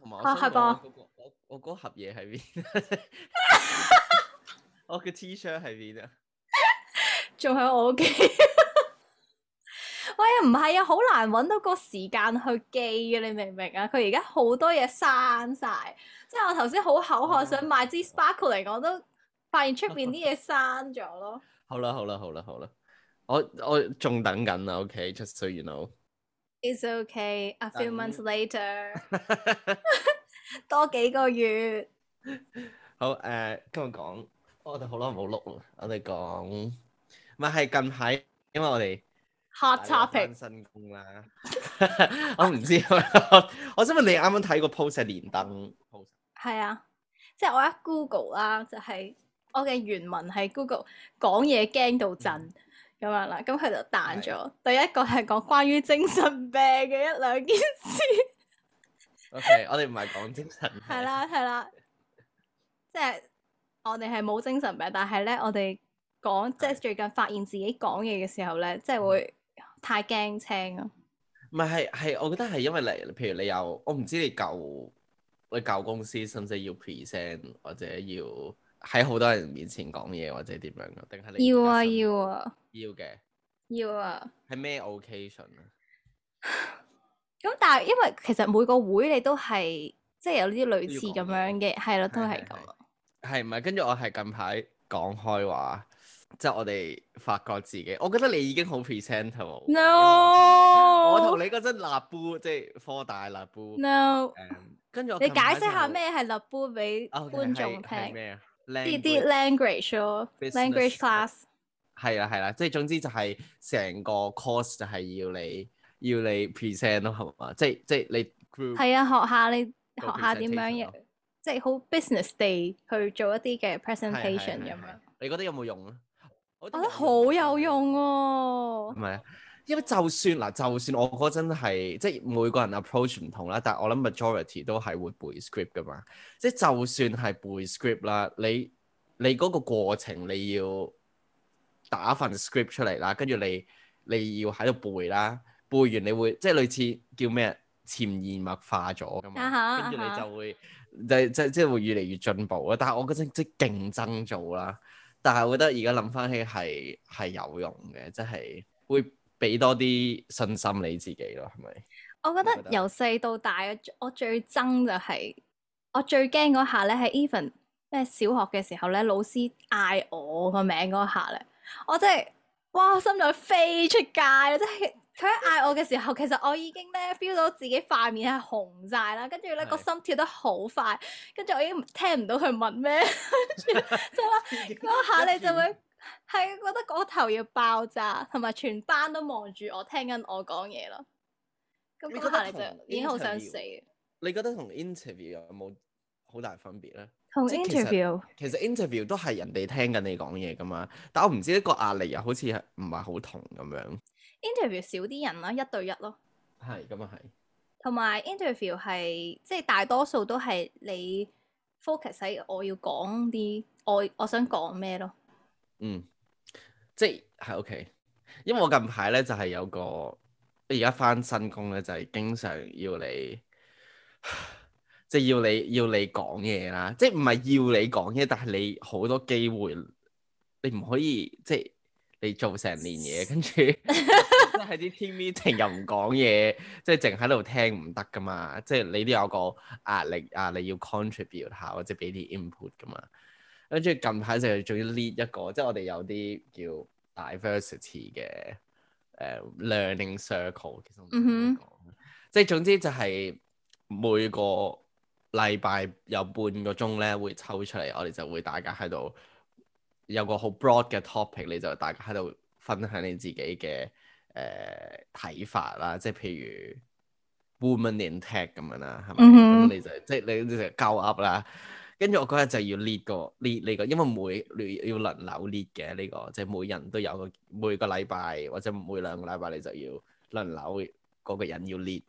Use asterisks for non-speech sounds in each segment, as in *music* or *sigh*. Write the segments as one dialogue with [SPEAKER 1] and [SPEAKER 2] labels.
[SPEAKER 1] 我啊，係啵！我我嗰盒嘢喺邊？我嘅 T-shirt 喺邊啊？
[SPEAKER 2] 仲喺我屋企。喂，唔係啊，好難搵到個時間去記嘅，你明唔明啊？佢而家好多嘢刪晒，即係我頭先好口渴，想買支 sparkle 嚟，我都發現出邊啲嘢刪咗咯。
[SPEAKER 1] 好啦，好啦，好啦，好啦，我我仲等緊啊，OK，just so you know。
[SPEAKER 2] It's okay. A few months later，多幾個月。
[SPEAKER 1] 好誒，今日講，我哋好耐冇錄啦。我哋講，咪係近排，因為我哋 hot topic 新工啦。我唔知，我想問你啱啱睇個 post 係連登 post。
[SPEAKER 2] 係啊，即係我一 Google 啦，就係我嘅原文係 Google 講嘢驚到震。咁樣啦，咁佢就彈咗。的第一個係講關於精神病嘅一兩件事。
[SPEAKER 1] *laughs* OK，我哋唔係講精神病。係
[SPEAKER 2] 啦， *laughs* 係啦，即係我哋係冇精神病，但係咧，我哋講即係最近發現自己講嘢嘅時候咧，即係的會太驚青咯。
[SPEAKER 1] 唔係係係，我覺得係因為你譬如你有，我唔知你舊你舊公司，使唔使要 present 或者要？喺好多人面前講嘢，或者點樣啊？定係你要啊，要啊，要嘅
[SPEAKER 2] 的，要啊。
[SPEAKER 1] 係咩 occasion
[SPEAKER 2] 啊？咁但係因為其實每個會你都係即係有啲類似咁樣嘅，係咯，都係咁。
[SPEAKER 1] 係唔係？跟住我係近排講開話，即係我哋發覺自己，我覺得你已經好 presentable。No，我同你嗰陣立杯，即係科大立杯。No，跟住，嗯，你解釋下
[SPEAKER 2] 咩係立杯俾觀眾聽。咩啊
[SPEAKER 1] ，okay？啲啲
[SPEAKER 2] language 咯 language class
[SPEAKER 1] 係啦係啦即係總之就係成個 course 就係要你要你 present 咯，係嘛，即係即係你 group 係啊
[SPEAKER 2] 學下你學下點樣、啊、即係好 business 地去做一啲嘅 presentation 咁
[SPEAKER 1] 樣，你覺得有冇用啊？
[SPEAKER 2] 我覺得好有用，唔
[SPEAKER 1] 係啊因為就算嗱，就算我嗰陣係即係每個人 approach 唔同啦，但我諗 majority 都係會背 script 㗎嘛。即係就算係背 script 啦，你你嗰個過程你要打份 script 出嚟啦，跟住你你要喺度背啦，背完你會即係類似叫咩潛移默化咗㗎嘛，跟住、uh huh, uh huh. 你就會就就即係會越嚟越進步咯。但係我嗰陣即係競爭做啦，但係我覺得而家諗返起係係有用嘅，即係會。俾多啲信心你自己咯，係咪？
[SPEAKER 2] 我覺得由細到大，我最憎就係我最驚嗰下咧，係 even 咩小學嘅時候咧，老師嗌我個名嗰下咧，我真係哇心就飛出街喇！即係佢嗌我嘅時候，其實我已經咧 feel 到自己塊面係紅晒啦，跟住咧個心跳得好快，跟住 *laughs* 我已經聽唔到佢問咩，就係嗰下你就會。係覺得個頭要爆炸，同埋全班都望住我，聽緊我講嘢咯。咁個壓力就已經好想死。
[SPEAKER 1] 你覺得同 interview 有冇好大分別咧？同 interview 其實 interview 都係人哋聽緊你講嘢噶嘛，但我唔知呢個壓力又好似唔係好同咁樣。
[SPEAKER 2] interview 少啲人啦，一對一咯。
[SPEAKER 1] 係咁啊，係
[SPEAKER 2] 同埋 interview 係即係、就是、大多數都係你 focus 喺我要講啲我我想講咩咯。
[SPEAKER 1] 嗯，即係、嗯、OK，因為我近排咧就係、是、有個，而家返新工咧就係經常要你，即係要你要你講嘢啦，即係唔係要你講嘢，但係你好多機會，你唔可以即係你做成年嘢，跟住喺啲 team meeting 又唔講嘢，即係淨喺度聽唔得噶嘛，即係你都有個壓力啊，你要 contribute 下或者俾啲 input 噶嘛。跟住近排就係仲要 lead 一個，即係我哋有啲叫 diversity 嘅誒、uh, learning circle、mm。Hmm. 其實我唔識講，即係總之就係每個禮拜有半個鐘咧，會抽出嚟，我哋就會大家喺度有個好 broad 嘅 topic，你就大家喺度分享你自己嘅誒睇法啦。即係譬如 woman in tech 咁樣、mm hmm. 啦，係咪？咁你就即係你啲就交 up 啦。跟住我嗰日就要列個列呢個，因為每要輪流列嘅呢個，即係每人都有個每個禮拜或者每兩個禮拜你就要輪流嗰個人要列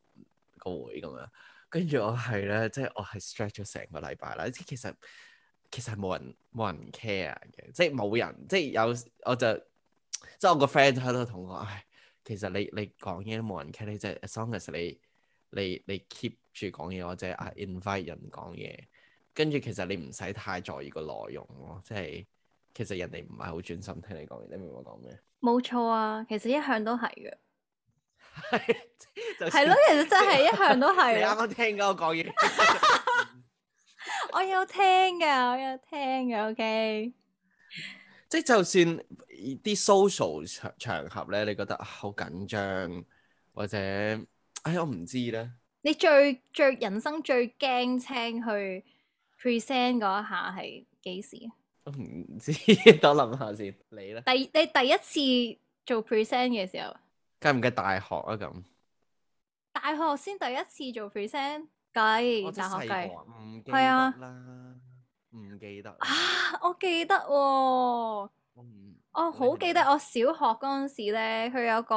[SPEAKER 1] 個會咁樣。跟住我係咧，即係我係 stretch 咗成個禮拜啦。即係其實其實係冇人冇人 care 嘅，即係冇人，即係有我就即係我個 friend 喺度同我講，唉，其實你你講嘢都冇人 care，即你就 as long as 你你你 keep 住講嘢，或者啊 invite 人講嘢。跟住，其實你唔使太在意個內容咯，即係其實人哋唔係好專心聽你講嘢，你明我講咩？
[SPEAKER 2] 冇錯啊，其實一向都係
[SPEAKER 1] 嘅，係就係咯，其實真係一向都係。你啱啱聽緊我講嘢，
[SPEAKER 2] 我有聽嘅，我有聽嘅，OK。即
[SPEAKER 1] 係就算啲 social 場場合咧，你覺得好緊張，或者哎，我唔知咧。
[SPEAKER 2] 你最最人生最驚青去 present 嗰下係幾時
[SPEAKER 1] 啊？我唔知，等諗下先。 *laughs* 你
[SPEAKER 2] 咧呢？第你第一次做 present 嘅時候，
[SPEAKER 1] 計唔計大學啊？咁
[SPEAKER 2] 大學先第一次做 present 計，大學計係啊？
[SPEAKER 1] 唔記得
[SPEAKER 2] 啦，唔記得啊！我記得，我好記得我小學嗰陣時咧，佢有個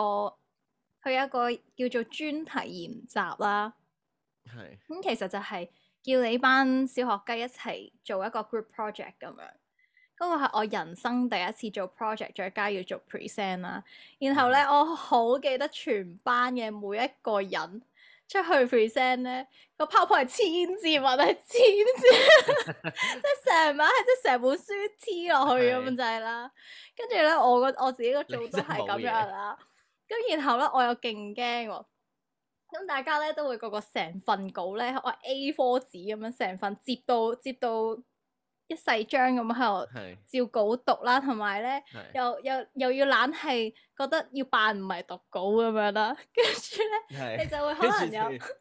[SPEAKER 2] 佢有一個叫做專題研習啦，係
[SPEAKER 1] 咁是、嗯，
[SPEAKER 2] 其實就係、是。叫你班小學雞一齊做一個 group project 咁樣，嗰個係我人生第一次做 project，再加上要做 present 啦。然後咧，我好記得全班嘅每一個人出去 present 咧，個泡泡 w e r 係千字文啊，千字即係成晚，即係成本書黐落去咁就係啦。跟住咧，我個我自己個做都係咁樣啦。咁然後咧，我又勁驚喎。咁大家咧都會個個成份稿咧，我 A4 紙咁樣成份，折到折到一細張咁喺度照稿讀啦，同埋咧又又又要懶係覺得要扮唔係讀稿咁樣啦，跟住咧你就會可能有是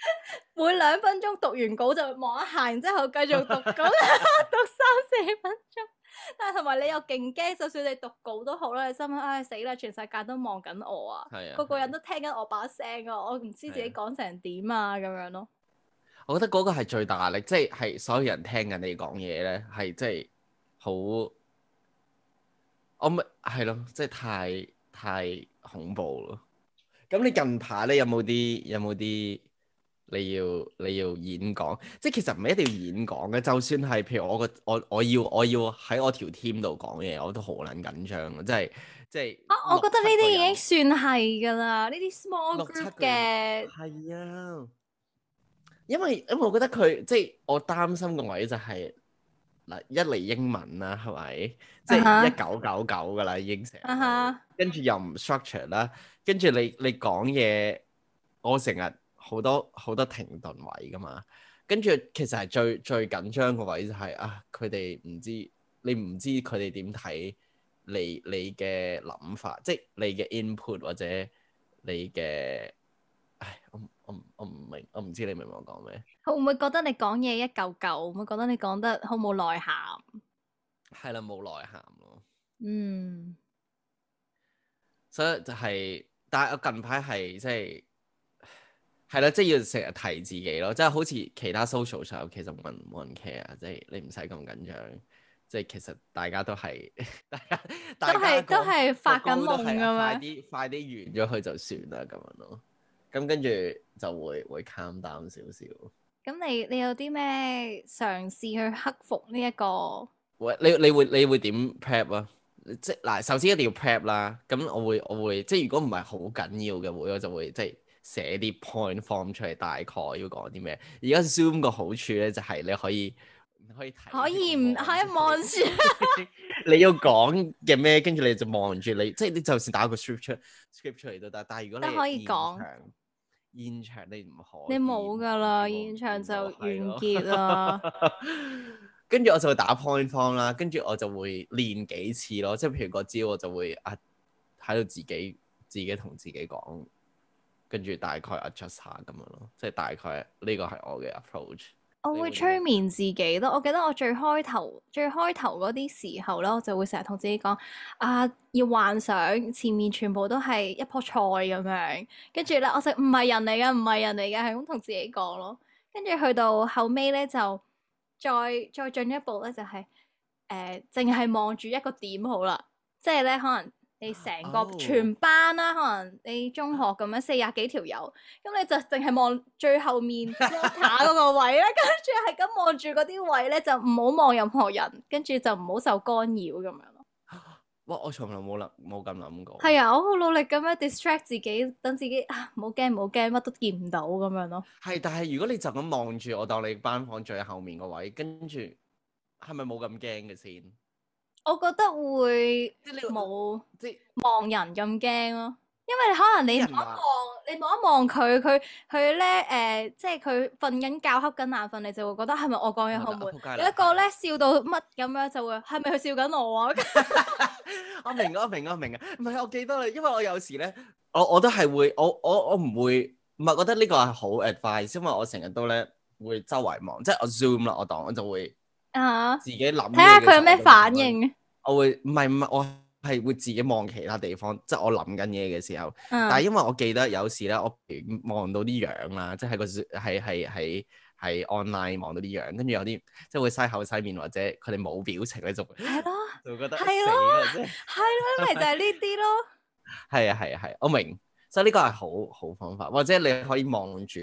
[SPEAKER 2] *laughs* 每兩分鐘讀完稿就望一下，然之後繼續讀稿讀 *laughs* *laughs* 三四分鐘。但係同埋你又勁驚，就算你讀稿都好啦，你心諗唉、哎、死啦，全世界都望緊我啊，個個人都聽緊我把聲啊，我唔知自己講成點啊咁樣咯。
[SPEAKER 1] 我覺得嗰個係最大壓力，即係係所有人聽緊你講嘢咧，係即係好，我咪係咯，即係太太恐怖咯。咁你近排咧有冇啲有冇啲？有你要你要演講，即係其實唔係一定要演講嘅。就算係譬如我個我我要我要喺我條 team 度講嘢，我都好撚緊張，即係即
[SPEAKER 2] 係。啊，我覺得呢啲已經算係㗎啦，呢啲 6, small group 嘅。係、
[SPEAKER 1] 嗯、啊，因為因為我覺得佢即係我擔心個位就係、是、嗱，一嚟英文啦，係咪？即係一九九九㗎啦，英式。成、uh。哈、huh。跟住又唔 structure 啦，跟住你你講嘢，我成日。好多好多停頓位㗎嘛，跟住其實係最最緊張個位就係、是、啊，佢哋唔知你唔知佢哋點睇你你嘅諗法，即係你嘅 input 或者你嘅，唉，我我我唔明，我唔知你明唔明我講咩？佢
[SPEAKER 2] 會唔會覺得你講嘢一嚿嚿？會唔會覺得你講得好冇內涵？
[SPEAKER 1] 係啦，冇內涵咯。嗯，所以就係、是，但係我近排係即係。係啦，即係要成日提自己咯，即係好似其他 social 上，其實冇人冇人 care，即係你唔使咁緊張，即係其實大家都係，大家大家都係都係發緊夢咁樣。快啲快啲完咗佢就算啦，咁樣咯。咁跟住就會會 calm down 少少。
[SPEAKER 2] 咁你你有啲咩嘗試去克服呢、這、一個？
[SPEAKER 1] 喂，你你會你會點 prep 啊？即嗱，首先一定要 prep 啦、啊。咁我會我會，我會，即係如果唔係好緊要嘅，會我就會即係。寫啲 point form 出嚟，大概要講啲咩？而家 Zoom 個好處咧，就係你可以
[SPEAKER 2] 你可以可以唔可以望住
[SPEAKER 1] 你要講嘅咩？跟住你就望住你，即係你就算打個 script 出 script 出嚟都得。但係如果你可以講現場，現場你
[SPEAKER 2] 唔可，你冇噶啦，現場就完結啦。
[SPEAKER 1] 跟住 *laughs* *laughs* 我就打 point form 啦，跟住我就會練幾次咯。即係譬如個招，我就會啊喺度自己自己同自己講。跟住大概 adjust 下咁樣咯，即係大概呢個係我嘅 approach。
[SPEAKER 2] 我會催眠自己咯，我記得我最開頭最開頭嗰啲時候呢我就會成日同自己講啊，要幻想前面全部都係一棵菜咁樣。跟住咧，我就唔係人嚟嘅，唔係人嚟嘅，係咁同自己講咯。跟住去到後尾咧，就再再進一步咧，就係誒，淨係望住一個點好啦，即係咧可能。你成個、oh. 全班啦，可能你中學咁樣四廿幾條友，咁你就淨係望最後面下嗰個位咧，跟住係咁望住嗰啲位咧，就唔好望任何人，跟住就唔好受干擾咁樣咯。
[SPEAKER 1] 哇！我從來冇諗，冇咁諗過。
[SPEAKER 2] 係啊，我好努力咁樣 distract 自己，等自己啊，冇驚冇驚，乜都見唔到咁樣咯。
[SPEAKER 1] 係，但係如果你就咁望住我，當你班房最後面個位，跟住係咪冇咁驚嘅先？是
[SPEAKER 2] 我覺得會冇即望人咁驚咯，因為可能你望一望，你望一望佢，佢佢咧誒，即係佢瞓緊覺、瞌緊眼瞓，你就會覺得係咪我講嘢好悶？有一個咧笑到乜咁樣，就會係咪
[SPEAKER 1] 佢笑緊我啊？ *laughs* *laughs* 我明我明我明嘅。唔係，我記得你，因為我有時咧，我我都係會，我我我唔會，唔係覺得呢個係好 advice，因為我成日都咧會周圍望，即係我 zoom 啦，我當我就會。啊！自己諗睇下佢有咩反應。我會唔係唔係，我係會自己望其他地方，即係我諗緊嘢嘅時候。但係因為我記得有時咧，我望到啲樣啦，即係個係係係係 online 望到啲樣，跟住有啲即係會嘥口嘥面或者佢哋冇表情咧，就係咯，就覺得
[SPEAKER 2] 係咯，係咯，因為就係呢啲咯。
[SPEAKER 1] 係啊係啊係，我明，所以呢個係好好方法，或者你可以望住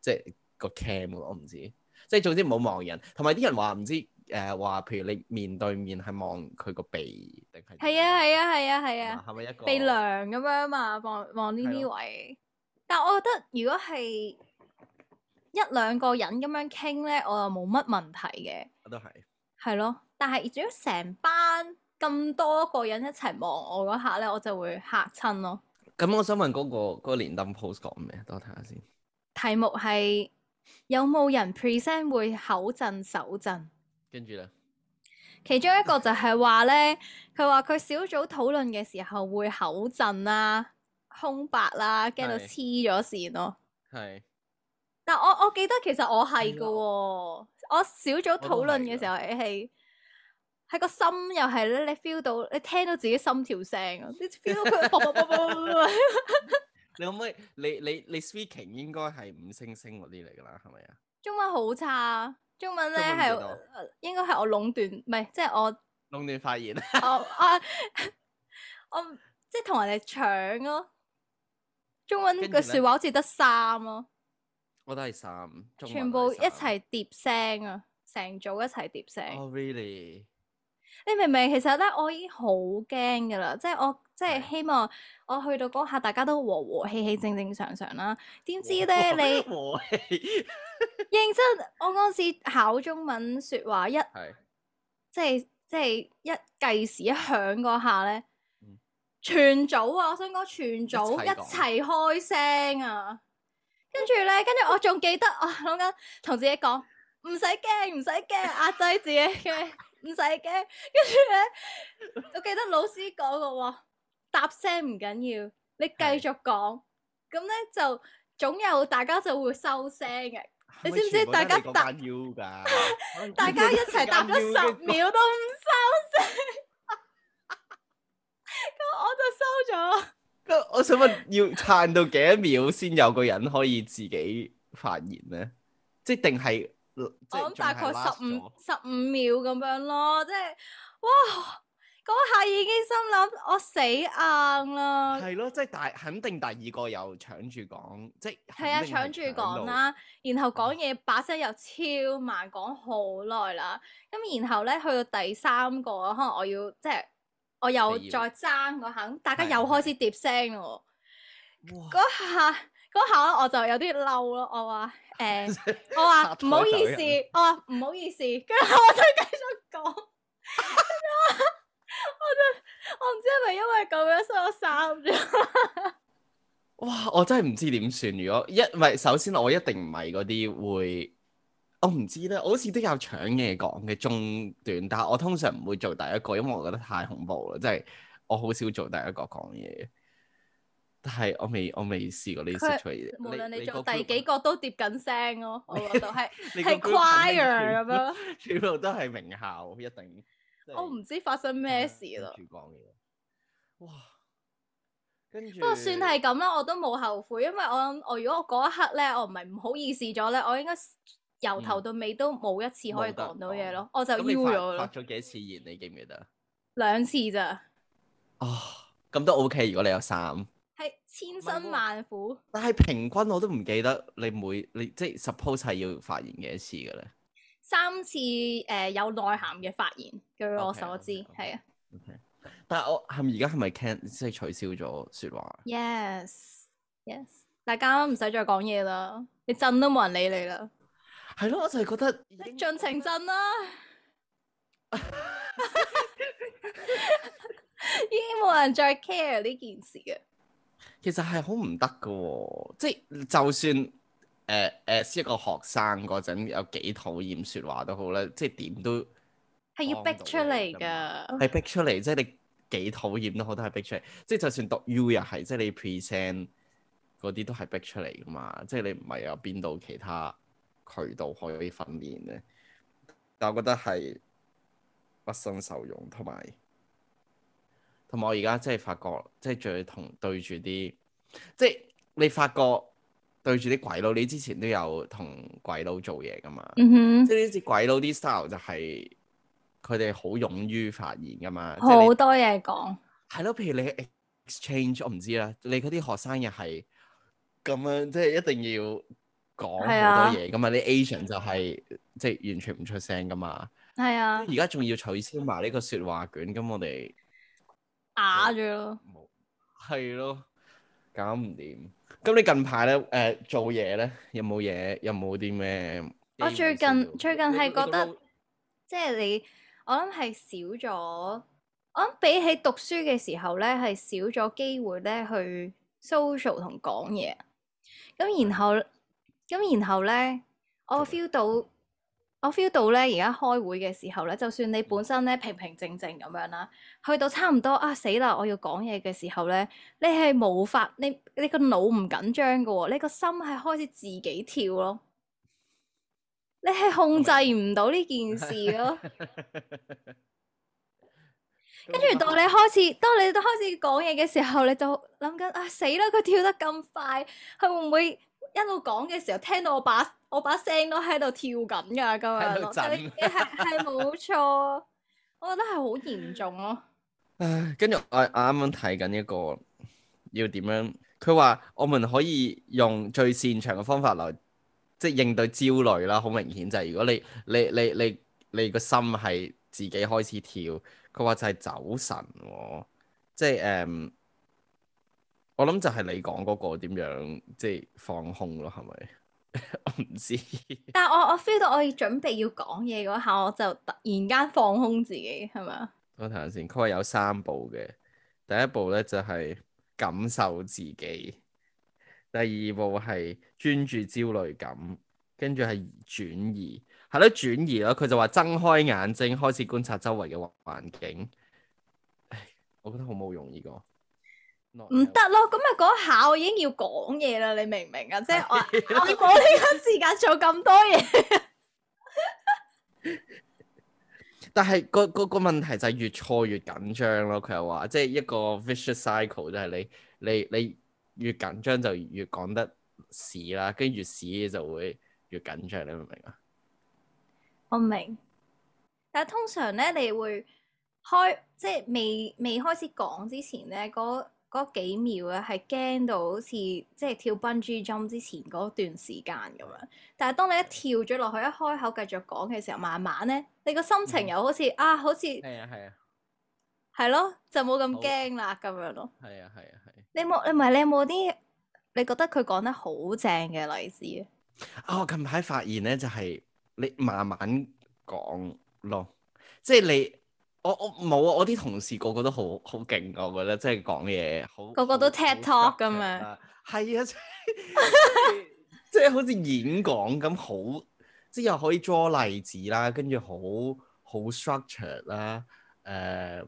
[SPEAKER 1] 即係個 cam，我唔知。即係總之唔好望人，同埋啲人話唔知誒話、呃，譬如你面對面係望佢個鼻定
[SPEAKER 2] 係？係啊係啊係啊係啊，係咪、啊啊啊、一個鼻梁咁樣嘛？望望呢啲位，的但係我覺得如果係一兩個人咁樣傾咧，我又冇乜問題嘅。我都係。係咯，但係如果成班咁多個人一齊望我嗰刻咧，我就會嚇親咯。
[SPEAKER 1] 咁、嗯、我想問嗰、嗰個嗰、嗰個連登 post 講咩啊？等我睇下先。
[SPEAKER 2] 題目係。有冇人 present 會口震手震？跟住咧，其中一個就係話咧，佢話佢小組討論嘅時候會口震啦、啊、空白啦、啊，驚到黐咗線咯、
[SPEAKER 1] 啊。係是，
[SPEAKER 2] 但我我記得其實我係嘅、哦，哎、呦我小組討論嘅時候係係個心又係咧，你 feel 到你聽到自己心跳聲。你
[SPEAKER 1] feel 到佢 *laughs* *laughs* 你可唔可以？你你你 Speaking 應該係五星星嗰啲嚟㗎啦，係咪啊？
[SPEAKER 2] 中文好差、啊，3，中文咧係應該係我壟斷，唔係即係我
[SPEAKER 1] 壟斷發言。
[SPEAKER 2] 我我我即係同人哋搶咯，中文嘅説話好似得三咯，
[SPEAKER 1] 我都係三，全部
[SPEAKER 2] 一齊疊聲啊，成組一齊疊聲。o、oh, really? 你明唔明其實咧，我已經好驚噶啦，即係我即係希望我去到嗰下，大家都和和氣氣、正正常常啦。點知咧，和你和
[SPEAKER 1] 氣。
[SPEAKER 2] *laughs* 認真，我嗰時考中文説話一，的即係即係一計時一響嗰下咧，嗯、全組啊，我想講全組一齊，講一齊開聲啊，跟住咧，跟住我仲記得 *laughs* 我諗緊同自己講，唔使驚，唔使驚，壓低自己嘅。 *laughs* 唔使驚，跟住咧，我記得老師講過喎，搭聲唔緊要，你繼續講，咁咧就總有大家就會收聲嘅。你知唔知大家搭
[SPEAKER 1] 要噶？大家一齊搭咗十秒
[SPEAKER 2] 都唔收聲，咁我就收咗。
[SPEAKER 1] 咁我想問，要撐到幾多秒先有個人可以自己發言呢？即係定係？我諗大概十五
[SPEAKER 2] 十五秒咁樣咯，即係哇，嗰下已經心諗我死硬啦。
[SPEAKER 1] 係咯，即係大肯定第二個又搶住講，即係係啊，搶住講啦。
[SPEAKER 2] 然後講嘢、哦、把聲又超慢，講好耐啦。咁然後咧去到第三個，可能我要即係我又要再爭嗰下，大家又開始疊聲喎。嗰下嗰下我就有啲嬲咯，我話。誒、呃，我話唔好意思， *laughs* 我話唔好意思，跟住 *laughs* 我再繼續講， *laughs* *laughs* 我就我唔知係咪因為咁樣，所以我刪咗。
[SPEAKER 1] *laughs* 哇，我真係唔知點算。如果一，唔係首先我一定唔係嗰啲會，我唔知咧，我好似都有搶嘢講嘅中段，但係我通常唔會做第一個，因為我覺得太恐怖啦，即係我好少做第一個講嘢。但係我未我未試過呢次出嚟，無論你做第
[SPEAKER 2] 幾個都跌緊聲咯，我諗係係 choir 咁樣，全
[SPEAKER 1] 部都係名校一定。我唔
[SPEAKER 2] 知發生咩事咯。
[SPEAKER 1] 講嘢，哇，跟住不過算
[SPEAKER 2] 係咁啦，我都冇後悔，因為我諗我如果我嗰一刻咧，我唔係唔好意思咗咧，我應該由頭到尾都冇一次可以講到嘢咯，我就 U 咗咯。發
[SPEAKER 1] 咗幾次言你記唔記得？
[SPEAKER 2] 兩次咋？
[SPEAKER 1] 哦，咁都 OK，如果你有三。
[SPEAKER 2] 千辛萬苦，
[SPEAKER 1] 但係平均我都唔記得你每你即係 suppose 係要發言幾多次嘅咧？
[SPEAKER 2] 三次誒、呃、有內涵嘅發言，據我所知係、okay, okay, okay,
[SPEAKER 1] okay. 啊。但係我係咪而家係咪 can 即係取消咗說話
[SPEAKER 2] ？Yes yes，大家唔使再講嘢啦，你震都冇人理你啦。
[SPEAKER 1] 係咯，我就係覺得，
[SPEAKER 2] 你盡情震啦， *laughs* *laughs* *laughs* 已經冇人再 care 呢件事嘅。
[SPEAKER 1] 其實係好唔得噶喎，即係就算誒誒、呃呃、一個學生嗰陣有幾討厭説話都好咧，即係點都
[SPEAKER 2] 係要逼出嚟噶，係 *noise*
[SPEAKER 1] 逼出嚟，即係你幾討厭都好都係逼出嚟，即係就算讀 U 又係，即係你 present 嗰啲都係逼出嚟噶嘛，即係你唔係有邊度其他渠道可以訓練咧，但我覺得係畢生受用同埋。同埋我而家真係發覺，即係仲要同對住啲，
[SPEAKER 2] 即係
[SPEAKER 1] 你發覺對住啲鬼佬，你之前都有同鬼佬做嘢噶嘛。嗯、哼即係呢啲鬼佬啲 style 就係佢哋好勇於發言噶嘛，即係好
[SPEAKER 2] 多嘢講。
[SPEAKER 1] 係咯，譬如你 exchange，我唔知啦。你嗰啲學生又係咁樣，即係一定要講好多嘢噶嘛。啲、啊、Asian 就係、是、即係完全唔出聲噶嘛。
[SPEAKER 2] 係啊，而
[SPEAKER 1] 家仲要取消埋呢個説話卷，咁我哋。
[SPEAKER 2] 打咗咯，
[SPEAKER 1] 係咯， *noise* 搞唔掂。咁你近排咧，誒、呃，做嘢咧，有冇嘢？有冇啲咩？我最
[SPEAKER 2] 近最近係覺得，即係你，我諗係少咗。我諗比起讀書嘅時候咧，係少咗機會咧去 social 同講嘢。咁然後，咁然後咧，我 feel 到。我 feel 到咧，而家開會嘅時候咧，就算你本身咧，平平靜靜咁樣啦，去到差唔多啊死啦，我要講嘢嘅時候咧，你係無法，你你個腦唔緊張噶，你個、哦、心係開始自己跳咯，你係控制唔到呢件事咯。跟住，到你開始，當你都開始講嘢嘅時候，你就諗緊啊死啦，佢跳得咁快，佢會唔會？一路講嘅時候，聽到我把我把聲都喺度跳緊㗎，咁樣係係冇錯， *laughs* 我覺得係好嚴重咯、
[SPEAKER 1] 啊。唉，跟住我啱啱睇緊一個要點樣，佢話我們可以用最擅長嘅方法來即係應對焦慮啦。好明顯就係，如果你你你你你個心係自己開始跳，佢話就係走神喎、哦，即係誒。嗯我諗就係你講嗰個點樣即係放空咯，係咪 *laughs* 不知？ *laughs* 我唔知。
[SPEAKER 2] 但係我我 feel 到我要準備要講嘢嗰下，我就突然間放空自己，係咪啊？
[SPEAKER 1] 我頭先，佢話有三步嘅。第一步咧就係、是、感受自己。第二步係專注焦慮感，跟住係轉移，係咯轉移咯。佢就話睜開眼睛開始觀察周圍嘅環境。唉，我覺得好冇用呢、這個。唔
[SPEAKER 2] 得咯，咁啊嗰下我已經要講嘢啦，你明唔明啊？ *laughs* 即係我 *laughs* 我冇呢間時間做咁多嘢。
[SPEAKER 1] *laughs* 但係個個個問題就係越錯越緊張咯。佢又話即係一個 vicious cycle，就係你你你，你越緊張就越講得屎啦，跟住越屎就會越緊張。你明唔明啊？
[SPEAKER 2] 我明。但係通常咧，你會開即係未未開始講之前咧嗰幾秒咧，係驚到好似即係跳 bungee jump 之前嗰段時間咁樣。但係當你一跳咗落去，一開口繼續講嘅時候，慢慢咧，你個心情又好似、嗯、啊，好似係啊係啊，係、啊、咯，就冇咁驚啦，咁好樣咯。係啊係啊係、啊。你冇你唔係你有冇啲？你覺得佢講得好正嘅例子
[SPEAKER 1] 啊、哦？我近排發現咧、就是，就係你慢慢講咯，即係你。我我冇啊！我啲同事個個都好好勁，我覺得即係講嘢好，個個
[SPEAKER 2] 都 TED talk 咁很樣，係啊，即係
[SPEAKER 1] 即係好似演講咁好，即係又可以 draw 例子啦，跟住好好 structure 啦，誒、呃，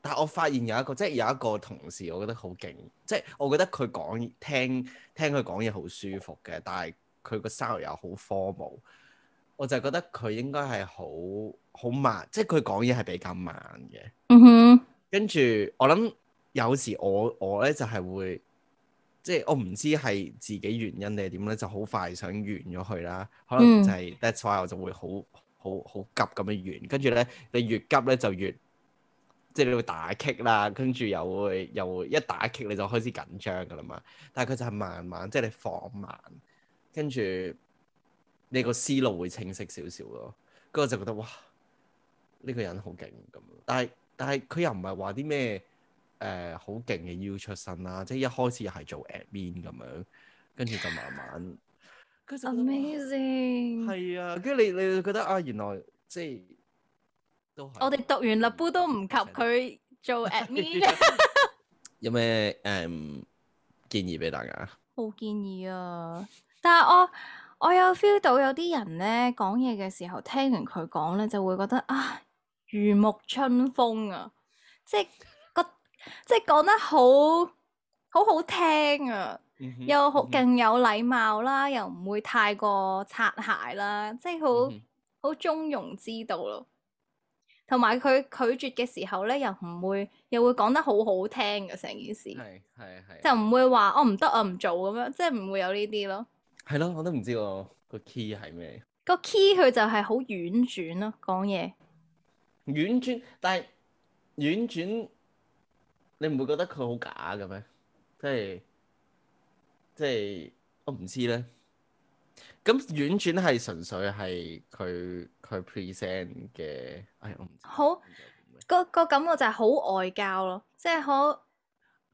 [SPEAKER 1] 但係我發現有一個即係、就是、有一個同事，我覺得好勁，即、就、係、是、我覺得佢講聽聽佢講嘢好舒服嘅，但係佢個 style 又好 formal。我就覺得佢應該係好好慢，即係佢講嘢係比較慢嘅。Mm hmm. 跟住我諗有時我我咧就係、是、會，即係我唔知係自己原因定係點咧，就好快想完咗佢啦。可能就係、是 mm hmm. That's why 我就會好好好急咁樣完，跟住咧你越急咧就越，即係你會打擊啦，跟住又會又會一打擊你就開始緊張噶啦嘛。但係佢就係慢慢，即係你放慢，跟住。你個思路會清晰少少咯，跟住就覺得哇，呢個人好勁咁。但係但係佢又唔係話啲咩誒好勁嘅 U 出身啦，即係一開始又係做 admin 咁樣，跟住就慢慢。Amazing。係啊，跟住你你覺得啊，原來即係都
[SPEAKER 2] 係。我哋讀完立波、嗯、都唔及佢做 admin。 *laughs* 嘅。
[SPEAKER 1] 有咩誒建議俾大家？
[SPEAKER 2] 好建議啊，但係我。我有 feel 到有啲人呢講嘢嘅時候，聽完佢講呢就會覺得啊，如沐春風啊，即係即係講得好好好聽啊，嗯、哼又好更有禮貌啦，又唔會太過擦鞋啦，即係好、嗯、哼好中庸之道咯。同埋佢拒絕嘅時候呢，又唔會又會講得好好聽㗎、啊、成件事，就唔會話我唔得啊唔做咁樣，即係唔會有呢啲咯。
[SPEAKER 1] 係咯，我都唔知個個 key 係咩。
[SPEAKER 2] 個 key 佢就係好婉轉咯，講嘢。
[SPEAKER 1] 婉轉，但係婉轉，你唔會覺得佢好假嘅咩？即係即係，我唔知咧。咁婉轉係純粹係佢佢 present 嘅，哎我唔知。好
[SPEAKER 2] 個、個感覺就係好外交咯，即係好。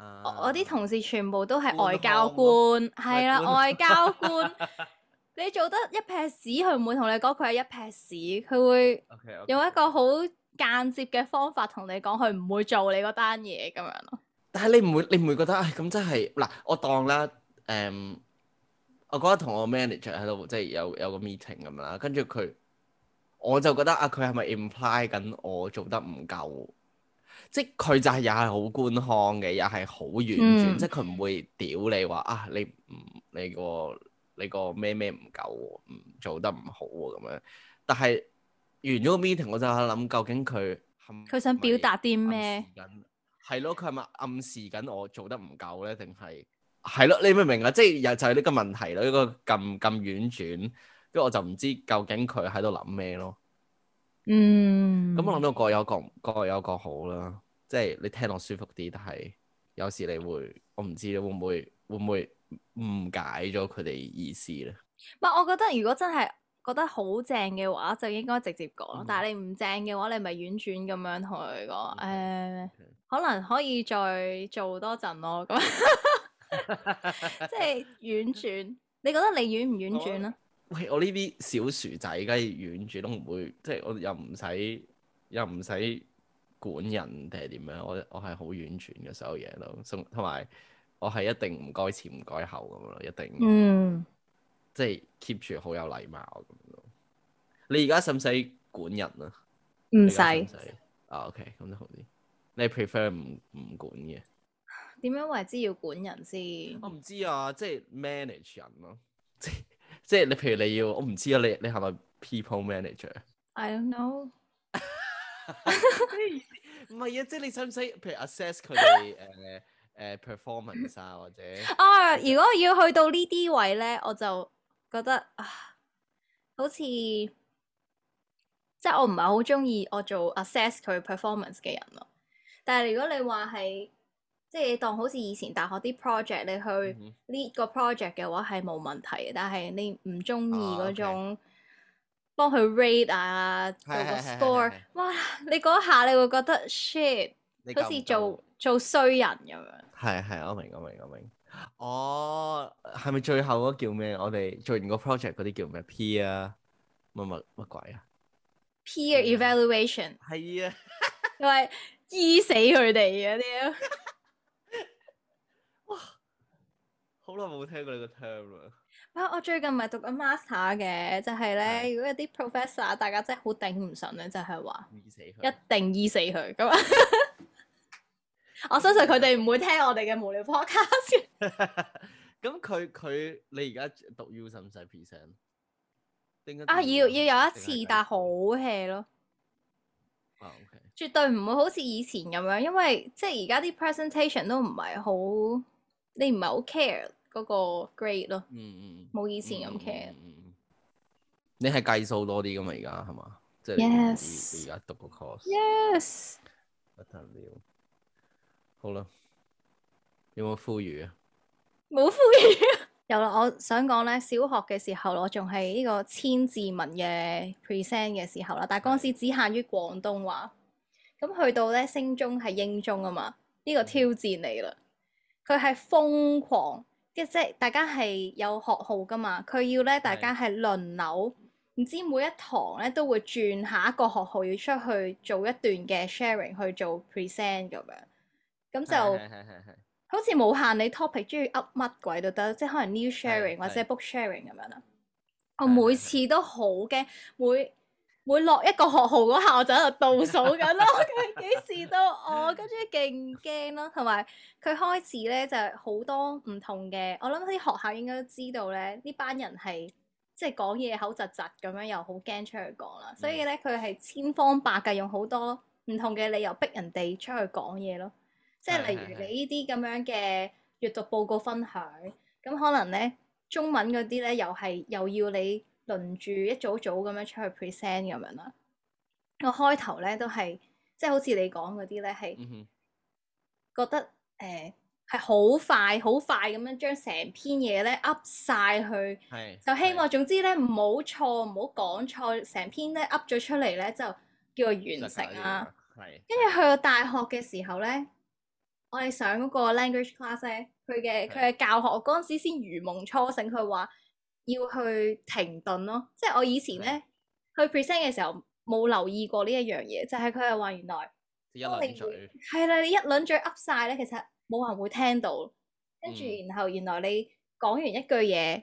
[SPEAKER 2] Uh, 我啲同事全部都係外交官，係啦，啊、外交官， *laughs* 你做得一撇屎，佢唔會同你講佢係一撇屎，佢會用一個好間接嘅方法同你講，佢唔會做你嗰單嘢咁樣咯。
[SPEAKER 1] 但係你唔會，你唔會覺得啊？咁真係嗱，我當啦，誒、嗯，我覺得同我 manager 喺度即係、就是、有有個 meeting 咁樣啦，跟住佢，我就覺得啊，佢係咪 imply 緊我做得唔夠？即係佢就係又係好官腔嘅，又係好婉轉，嗯、即係佢唔會屌你話啊，你唔你個你個咩咩唔夠唔做得唔好咁、啊、樣。但係完咗個 meeting，我就喺度諗究竟佢佢
[SPEAKER 2] 想表達啲咩？
[SPEAKER 1] 係咯，佢係咪暗示緊我做得唔夠咧？定係係咯？你明唔明啊？即係又就係呢個問題咯。呢、呢個咁咁婉轉，跟住我就唔知究竟佢喺度諗咩咯。嗯，咁我諗到各有各各有各好啦，即係你聽落舒服啲，但係有時你會我唔知你會唔會會唔會誤解咗佢哋意思咧？
[SPEAKER 2] 唔係，我覺得如果真係覺得好正嘅話，就應該直接講、嗯、但係你唔正嘅話，你咪婉轉咁樣同佢講，誒、嗯，可以，可能可以再做多陣咯。咁即係婉轉，你覺得你婉唔婉轉咧？
[SPEAKER 1] 喂，我呢啲小薯仔，梗係遠住都唔會，即係我又唔使又唔使管人定係點樣？我我係好遠處嘅所有嘢都，同埋我係一定唔該前唔該後咁樣咯，一定，嗯，即係 keep 住好有禮貌咁樣咯。你而家使唔使管人啊？唔使啊，OK，咁就好啲。你 prefer 唔唔管嘅？
[SPEAKER 2] 點樣為之要管人
[SPEAKER 1] 先？我唔知啊，即係 manage 人咯，即係。即係你，譬如你要，我唔知啊，你你係咪 people manager？I don't know。唔係啊，即係你使唔使，譬如 assess 佢哋誒誒 performance 啊， *laughs* uh, 呃、或者啊，如果
[SPEAKER 2] 要去到呢啲位咧，我就覺得啊，好似即係我唔係好中意我做 assess 佢 performance 嘅人咯。但係如果你話係，即係當好似以前大學啲 project，你去 lead 個 project 嘅話係冇問題，但係你唔中意嗰種幫佢 rate 啊，哦嗯、做個 score, s t o r e 哇！你嗰下你會覺得 shit，好似做做衰人咁
[SPEAKER 1] 樣。係係我明我明我明，哦是是，我係咪最後嗰叫咩？我哋做完個 project 嗰啲叫咩？P、er, 啊，乜乜乜鬼啊
[SPEAKER 2] ？Peer evaluation 係、嗯、啊，因為醫死佢哋啊啲。 *laughs*
[SPEAKER 1] 好耐冇聽過你個
[SPEAKER 2] term 啦！啊，我最近咪讀緊 master 嘅，就係、是、咧，的如果有啲 professor 大家真係好頂唔順咧，就係話醫死佢，一定醫死佢
[SPEAKER 1] 咁、哦、
[SPEAKER 2] *laughs* 我相信佢哋唔會聽我哋嘅無聊 podcast。
[SPEAKER 1] 咁佢佢你而家讀 U 使唔使 present？啊，要要有一次，
[SPEAKER 2] 但係好 hea 咯。啊 o、okay。絕對唔會好似以前咁樣，因為即係而家啲 presentation 都唔係好，你唔係好 care。嗰個 grade 咯、嗯嗯，嗯嗯冇以前咁 care
[SPEAKER 1] 你係計數多啲㗎嘛？而家係嘛？即係而家讀個 course
[SPEAKER 2] yes.Yes，
[SPEAKER 1] 我真係屌。好啦，有冇呼籲啊？
[SPEAKER 2] 冇呼籲。有啦，我想講咧，小學嘅時候，我仲係呢個千字文嘅 present 嘅時候啦，但係嗰陣時只限於廣東話。咁的去到咧，升中係英中啊嘛，呢、呢個挑戰嚟啦。佢係、嗯、瘋狂。即係大家係有學號㗎嘛，佢要咧大家係輪流，唔是的 知每一堂咧都會轉下一個學號要出去做一段嘅 sharing 去做 present 咁樣，咁就
[SPEAKER 1] 是
[SPEAKER 2] 是是是好似冇限你 topic 中意噏乜鬼都得，即係可能 new sharing 是的是或者 book sharing 咁樣啦。是的是我每次都好驚，每會落一個學號嗰下，我就喺度倒數緊咯，佢幾 *laughs* 時到我？跟住勁驚啦，同埋佢開始呢，就係、是、好多唔同嘅。我諗啲學校應該都知道呢，呢班人係即係講嘢口窒窒咁樣，又好驚出去講啦。嗯、所以呢，佢係千方百計用好多唔同嘅理由逼人哋出去講嘢咯。即係例如你呢啲咁樣嘅閱讀報告分享，咁可能呢中文嗰啲呢，又係又要你。輪住一組組咁樣出去 present 咁樣啦。個開頭咧，都係即係好似你講嗰啲咧，係覺得誒係好快好快咁樣將成篇嘢咧噏晒去，是就希望是總之咧唔好錯唔好講錯，成篇咧噏咗出嚟咧就叫做完成啦。係。跟住去到大學嘅時候咧，我哋上嗰個 language class 咧，佢嘅佢嘅教學嗰陣時先如夢初醒，佢話。要去停頓咯，即係我以前咧、嗯、去 present 嘅時候冇留意過呢一樣嘢，就係佢係話原來一輪嘴係啦，你一輪嘴噏晒咧，其實冇人會聽到。跟住然後原來你講完一句嘢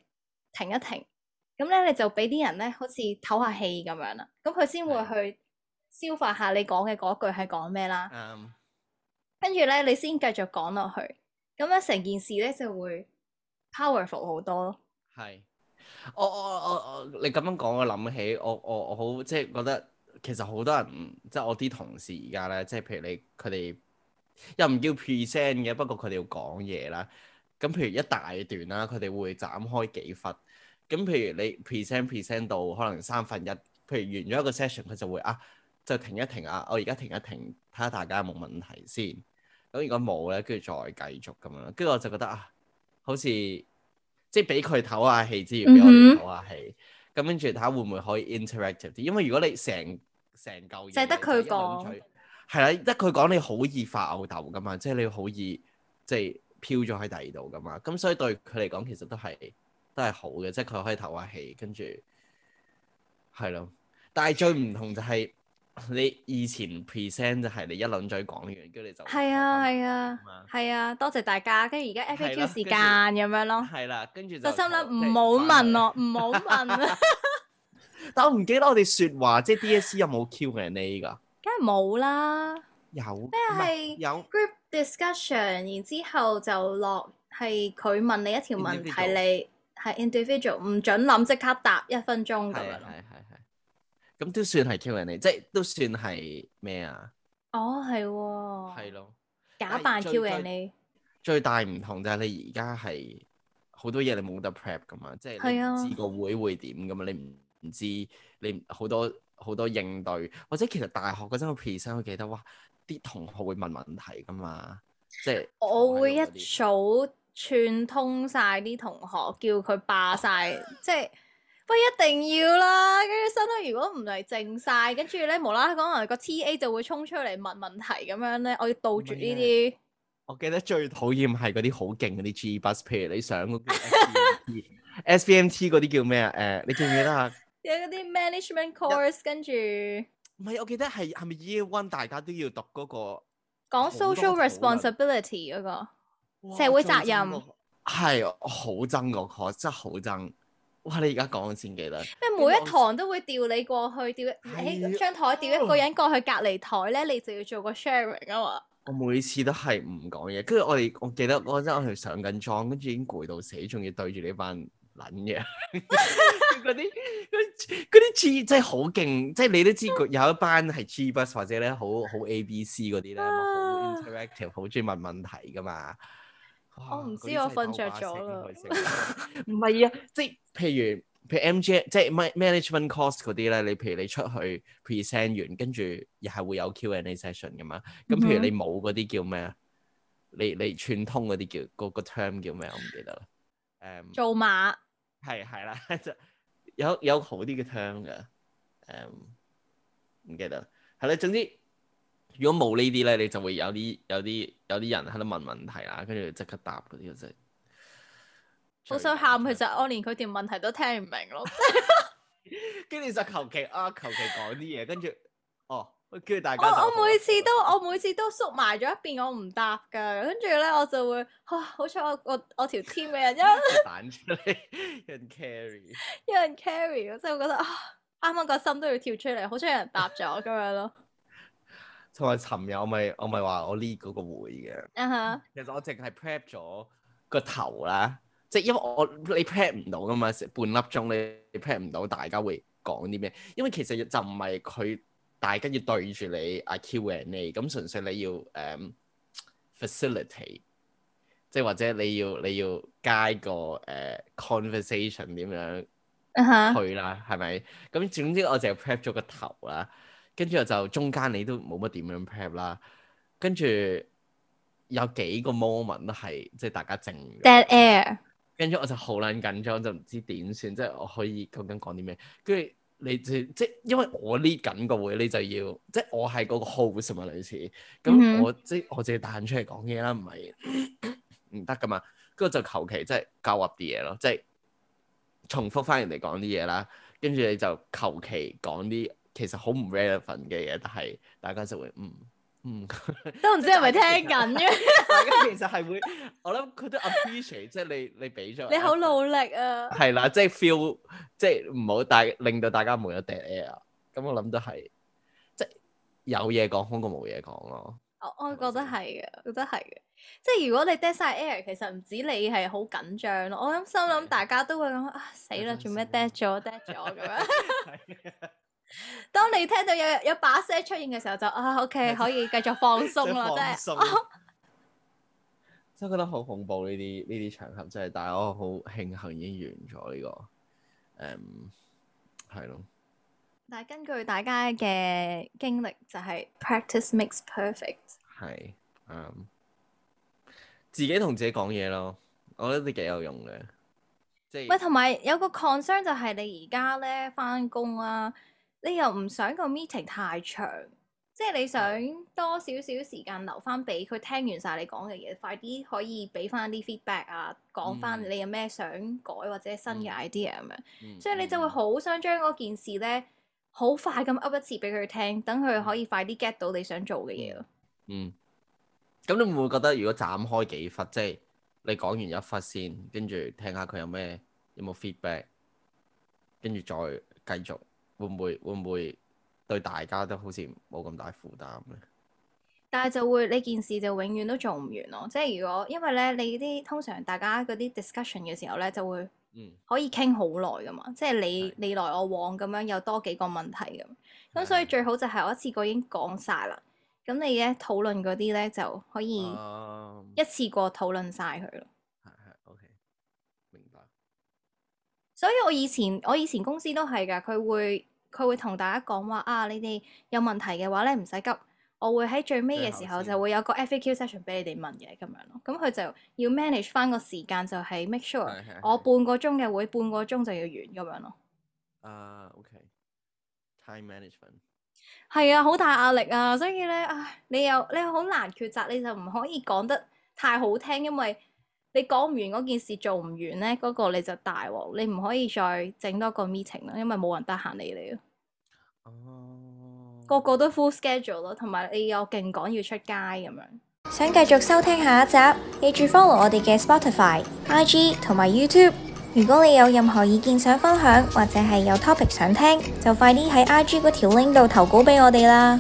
[SPEAKER 2] 停一停，咁咧你就俾啲人咧好似唞下氣咁樣啦。咁佢先會去消化下你講嘅嗰句係講咩啦。跟住咧你先繼續講落去，咁樣成件事咧就會 powerful 好多咯。
[SPEAKER 1] 係。我我我我你咁樣講，我諗起我我我好即係覺得，其實好多人即係、就是、我啲同事而家咧，即、就、係、是、譬如，你佢哋又唔叫 present 嘅，不過佢哋要講嘢啦。咁譬如一大段啦，佢哋會斬開幾忽。咁譬如你 present present 到可能三分一，譬如完咗一個 session，佢就會啊就停一停啊，我而家停一停，睇下大家有冇問題先。咁如果冇咧，跟住再繼續咁樣。跟住我就覺得啊，好似。即係俾佢唞下氣之餘，俾我唞下氣，咁跟住睇下會唔會可以 interactive 啲。因為如果你成成嚿嘢，淨得佢講，係啦，得佢講你好易發吽豆噶嘛，即係你好易即係飄咗喺第二度噶嘛。咁所以對佢嚟講，其實都係都係好嘅，即係佢可以唞下氣，跟住係咯。但係最唔同就係、是。你以前 present 就係你一兩嘴講完，跟住你就
[SPEAKER 2] 係是啊係 *laughs* 啊係啊，多謝大家，跟住而家 F A Q 時間咁樣咯。
[SPEAKER 1] 係啦，跟住就心
[SPEAKER 2] 諗唔好問我，唔好問啊。
[SPEAKER 1] 但我唔記得我哋說話即係 D 有有 S C 有冇 Q 嘅？你 d A 梗
[SPEAKER 2] 係冇啦。
[SPEAKER 1] 有咩係 alo
[SPEAKER 2] group discussion，然後之後就落係佢問你一條問題，你係 individual 唔准諗，即刻答 ellen, 一分鐘咁樣
[SPEAKER 1] 咯。咁都算係 Q&A，人即係都算係咩、哦、啊？
[SPEAKER 2] 哦，係喎。係咯。假扮 Q&A 人。
[SPEAKER 1] 最大唔同就係你而家係好多嘢你冇得 prep 噶嘛，即係知個會會點噶嘛，你唔唔知你好多好多應對，或者其實大學嗰陣個 presentation 記得哇，啲同學會問問題噶嘛，即係。
[SPEAKER 2] 我會一早串通晒啲同學，叫佢霸晒，即係、 *laughs* 就是。不一定要啦，跟住收得如果唔係淨晒，跟住咧無啦啦講啊個 T A 就會衝出嚟，問問題咁樣咧，我要杜絕呢啲。
[SPEAKER 1] 我記得最討厭係嗰啲好勁嗰啲 GBUS，你想嗰個 S B M T 嗰啲叫咩啊？誒、呃，你記唔記得啊？有嗰啲 management course，一跟住唔係，我記得係係咪 year one 大家都要讀嗰，那個講 social responsibility
[SPEAKER 2] 嗰，那個哇社會責任
[SPEAKER 1] 係好憎個課，真係好憎。哇！你而家講先記得，咩
[SPEAKER 2] 每一堂都會調你過去，調喺張台調一個人過去隔離台咧，你就要做個 sharing 啊嘛！
[SPEAKER 1] 我每次都係唔講嘢，跟住我哋，我記得嗰陣我係上緊莊，跟住已經攰到死，仲要對住呢班撚嘅嗰啲嗰啲 G 真係好勁，即係 *laughs* 你都知，有一班係 G bus 或者咧好好 A B C 嗰啲咧，好 interactive，好鍾意問問題㗎嘛。
[SPEAKER 2] 哇我唔知
[SPEAKER 1] 我瞓着咗啦，唔係呵啊，即係譬如譬如 m j 即係 management cost 嗰啲咧，你譬如你出去 present 完，跟住又係會有 Q and A session 噶嘛咁、嗯、哼譬如你冇嗰啲叫咩啊？你你串通嗰啲叫個、那個 term 叫咩？我唔記得啦。誒、um，做馬係係啦，有有好啲嘅 term 噶，誒、um, 唔記得啦。係啦，總之。如果冇呢啲咧，你就會有啲有啲有啲人喺度問問題啦，跟住即刻答嗰啲，真
[SPEAKER 2] 係好想喊！嗯、其實我連佢條問題都聽唔明咯，
[SPEAKER 1] 跟住 *laughs* *laughs* 就求其啊，求其講啲嘢，跟住哦，跟住大家我。我每次都， *laughs* 我，每次都我
[SPEAKER 2] 每次都縮埋咗一邊，我唔答噶，跟住咧我就會、啊、好彩我我我條 team 嘅人，一
[SPEAKER 1] 人出嚟，有人 carry，
[SPEAKER 2] 有人 carry， *laughs* car 我真係覺得啊，啱啱個心都要跳出嚟，好彩有人答咗咁樣咯。 *laughs*
[SPEAKER 1] 同埋尋日我咪我咪話我 lead 嗰個會嘅，uh huh. 其實我淨係 prep 咗個頭啦，即係因為我你 prep 唔到㗎嘛，半粒鐘你 prep 唔到大家會講啲咩？因為其實就唔係佢大家要對住你阿 Q and A，咁純粹你要誒、um, facilitate，即係或者你要你要加個誒、uh, conversation 點樣去啦，係咪、uh？咁、huh. 總之我淨係 prep 咗個頭啦。跟住就中間你都冇乜點樣 prep 啦，跟住有幾個 moment 都係即係大家靜 dead That air。跟住我就好撚緊張，就唔知點算，即係我可以究竟講啲咩？跟住你即即因為我 lead 緊個會，你就要即係我係嗰個 host 嘛類似，咁我、mm hmm. 即我自己彈出嚟講嘢啦，唔係唔得㗎嘛。跟住 *laughs* 就求其即係交合啲嘢咯，即係重複翻人哋講啲嘢啦。跟住你就求其講啲。其實好唔 relevant 嘅嘢，但係大家就會嗯嗯，嗯 *laughs* 都唔知係咪聽緊嘅。 *laughs* 大家其實係會，我諗佢都 appreciate 即係 *laughs* 你你俾咗你好努力啊！係啦，即係即係嗯，即係 feel，即係唔好帶，令到大家冇咗 dead air。咁我諗都係，即係有嘢講，好過冇嘢講咯。
[SPEAKER 2] 我我覺得係嘅，我覺得係嘅。即係如果你 dead 晒 air，其實唔止你係好緊張咯。我諗心諗大家都會諗的啊死啦，做咩 dead 咗 dead 咗咁樣。當你聽到有有把聲出現嘅時候，就啊，O、okay, K， *laughs* 可以繼續放鬆咯，真係
[SPEAKER 1] 真覺得好恐怖呢啲呢啲場合，真係。但係我好慶幸已經完咗呢、這個，誒，係咯。
[SPEAKER 2] 但係根據大家嘅經歷，就係、是、practice makes perfect，
[SPEAKER 1] 係，嗯，um, 自己同自己講嘢咯，我覺得都幾有用嘅，即、就、係、是、喂，同
[SPEAKER 2] 埋有，有個 concern 就係你而家咧返工啊。你又唔想個 meeting 太長，即係你想多少少時間留翻俾佢聽完晒你講嘅嘢，嗯、快啲可以俾翻啲 feedback 啊，講翻你有咩想改或者新嘅 idea 咁樣，所以你就會好想將嗰件事呢好快咁 up 一次俾佢聽，等佢可以快啲 get 到你想做嘅嘢咯。嗯，
[SPEAKER 1] 咁你會唔會覺得如果斬開幾忽，即係你講完一忽先，跟住聽下佢有咩有冇 feedback，跟住再繼續？會唔會，會唔會對大家都好似冇咁大負擔咧？
[SPEAKER 2] 但係就會呢件事就永遠都做唔完咯。即係如果因為咧，你啲通常大家嗰啲 discussion 嘅時候咧，就會可以傾好耐噶嘛。嗯、即係你是的 你來我往咁樣，有多幾個問題咁。咁是的 所以最好就係我一次過已經講晒啦。咁是的 你咧討論嗰啲咧就可以一次過討論晒佢咯。嗯所以我以前我以前公司都係噶，佢會佢會同大家講話啊，你哋有問題嘅話咧唔使急，我會喺最尾嘅時候就會有個 F A Q session 俾你哋問嘅咁樣咯。咁佢就要 manage 翻個時間，就係、是、make sure 是是是我半個鐘嘅會半個鐘就要完咁樣咯。
[SPEAKER 1] 啊、uh,，OK，time、okay. management
[SPEAKER 2] 係啊，好大壓力啊，所以咧，唉，你又你好難抉擇，你就唔可以講得太好聽，因為。你講唔完嗰件事做唔完呢，嗰、嗰個你就大鑊。你唔可以再整多個 meeting 咯，因為冇人得閒理你啊。哦。個個都 full schedule 咯，同埋你又勁趕要出街咁樣。想繼續收聽下一集，記住 follow 我哋嘅 Spotify、IG 同埋 YouTube。如果你有任何意見想分享，或者係有 topic 想聽，就快啲喺 IG 嗰條 link 度投稿俾我哋啦。